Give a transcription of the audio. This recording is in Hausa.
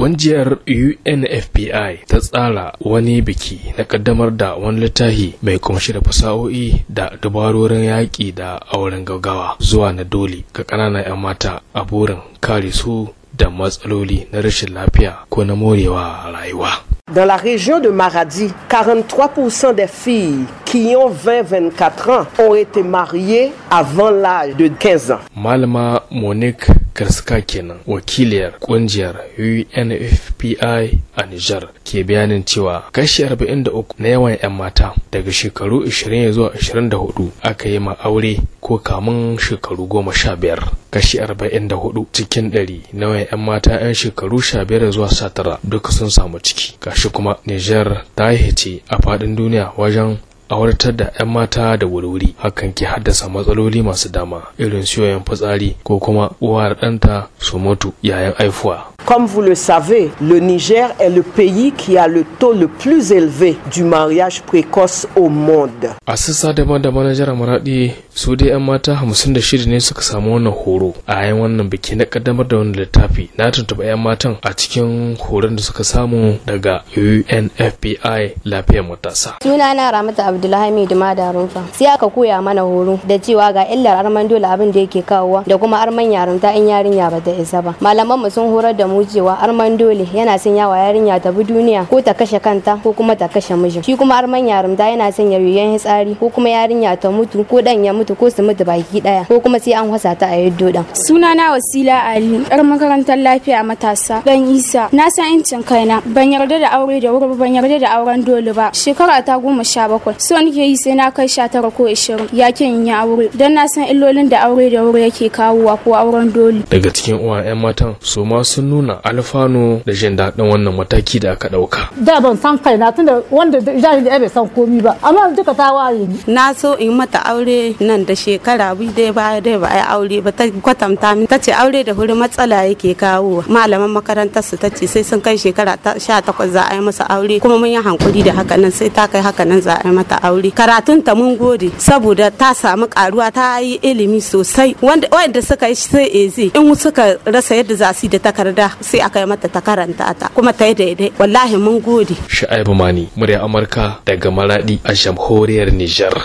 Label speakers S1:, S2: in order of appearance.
S1: Ƙungiyar UNFPI ta tsara wani biki na kaddamar da wani littafi mai kumshi da fasahohi da dabarorin yaƙi da auren gaggawa zuwa na doli ga ƙananan 'yan mata a burin kare su da matsaloli na rashin lafiya ko na morewa rayuwa.
S2: Dans la région de Maradi, 43% des filles qui ont 20-24 ans ont été mariés avant l'âge
S1: de 15 ans. Malama Monique Karska kenan wakiliyar kungiyar UNFPI a Nijar ke bayanin cewa kashi 43 na yawan 'yan mata daga shekaru 20 zuwa 24 aka yi ma aure ko kamun shekaru 15 kashi 44 cikin 100 na yawan 'yan mata 'yan shekaru 15 zuwa 19 duka sun samu ciki kashi kuma Niger ta hice a faɗin duniya wajen auratar da 'yan mata da wuri hakan ke haddasa matsaloli masu dama irin siyoyin fitsari ko kuma uwar da ɗanta su mutu yayin haifuwa. Comme vous le savez,
S2: le Niger est le pays qui a le taux le plus élevé du mariage précoce
S1: au monde. A sassa daban-daban na jihar Maradi su dai 'yan mata hamsin da shida ne suka samu wannan horo a yayin wannan biki na kaddamar da wannan littafi na tuntuɓa 'yan matan a cikin horon da suka samu daga unfpi lafiyar matasa
S3: suna na ramata abdullahi mai dima da rumfa sai aka koya mana horo da cewa ga illar arman dole abin da yake kawowa da kuma arman yarinta in yarinya ba ta isa ba malaman mu sun horar da mu cewa arman dole yana son yawa yarinya ta bi duniya ko ta kashe kanta ko kuma ta kashe mijin shi kuma arman yarinta yana sanya yayoyen hitsari ko kuma yarinya ta mutu ko dan ya mutu ta ko su mutu baki daya ko kuma sai an wasa
S4: ta a yaddo dan sunana wasila ali yar makarantar lafiya matasa dan isa na san incin kaina ban yarda da aure da wuri ban yarda da auren dole ba shekara ta goma sha bakwai so nake yi sai na kai sha tara ko ishirin ya ke in yi aure dan na san illolin da aure da wuri yake kawowa ko auren dole
S1: daga cikin uwa yan matan su ma sun nuna alfano da jin daɗin wannan mataki da aka ɗauka
S4: da ban san kaina tunda wanda jahili bai san komi ba amma duka ta waye ni na so in mata aure nan da shekara bi dai baya dai ba a yi aure ba ta kwatanta min tace aure da huri matsala yake kawo malaman makarantar su tace sai sun kai shekara sha takwas za a yi masa aure kuma mun yi hankuri da haka nan sai ta kai haka nan za a yi mata aure karatun ta mun gode saboda ta samu karuwa ta yi ilimi sosai wanda wanda suka yi sai ezi in suka rasa yadda za su da takarda sai aka yi mata ta karanta ta kuma ta yi daidai wallahi mun gode
S1: sha'ibu Mani murya Amurka daga Maradi a jamhuriyar Nijar